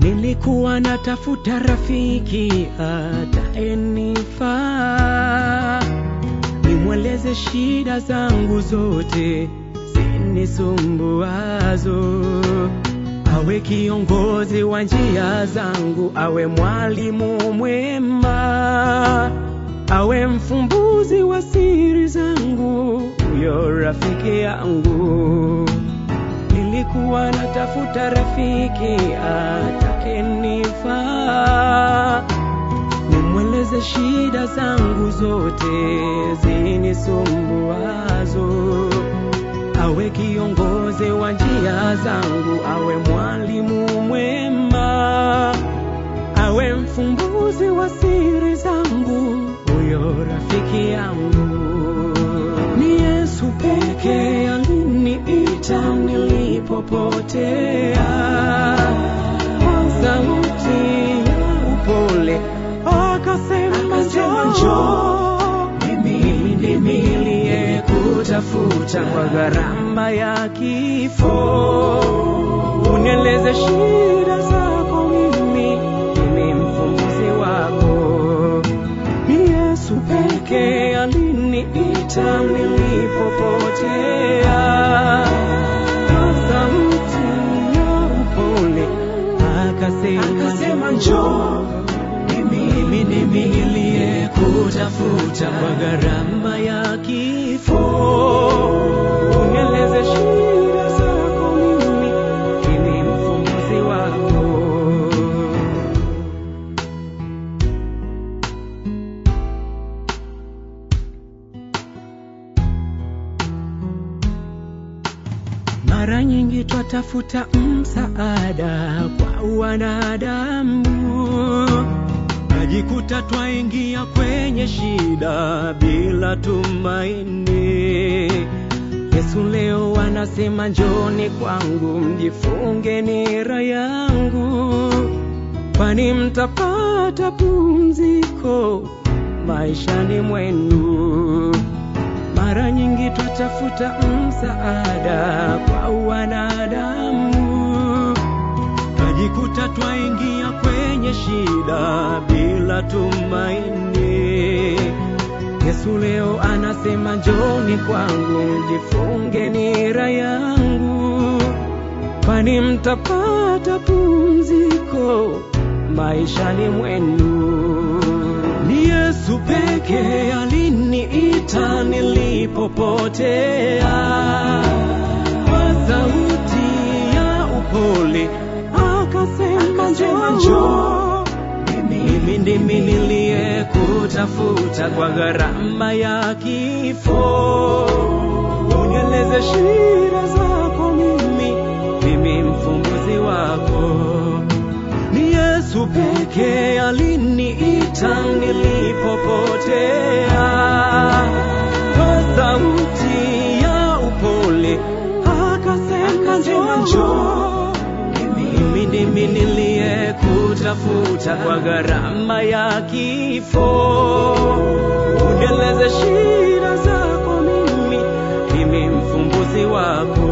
Nilikuwa natafuta rafiki atayenifaa, nimweleze shida zangu zote zinisumbuazo, awe kiongozi wa njia zangu, awe mwalimu mwema, awe mfumbuzi wa siri zangu, huyo rafiki yangu nilikuwa natafuta rafiki atakenifaa, nimweleze shida zangu zote zinisumbuazo, awe kiongozi wa njia zangu, awe mwalimu mwema, awe mfumbuzi wa siri zangu, huyo rafiki yangu ni Yesu pekee aliniita nil uliopotea, sauti upole akasema, njoo, mimi kwa gharama ya kifo, uneleze shida zako, mimi ni mfunzi wako. Yesu pekee aliniita nilipopotea akasema, akasema njoo mimi ndimi niliyekutafuta kwa gharama ya kifo Mara nyingi twatafuta msaada kwa wanadamu, najikuta twaingia kwenye shida bila tumaini. Yesu leo anasema njoni kwangu, mjifunge nira yangu, kwani mtapata pumziko maishani mwenu. Mara nyingi twatafuta msaada kwa wanadamu, tajikuta twaingia kwenye shida bila tumaini. Yesu leo anasema njoni kwangu, jifunge nira yangu, kwani mtapata pumziko maishani mwenu. Ni Yesu peke aliniita nilipopotea, kwa sauti ya upole akasema, njoo mimi ndimi niliyekutafuta kwa gharama ya kifo, unyeleze shira zako mimi Yesu peke aliniita nilipopotea, kwa sauti ya upole akasema, njoo, mimi ndimi niliyekutafuta kwa gharama ya kifo, ugeleze shida zako, mimi ndimi mfumbuzi wako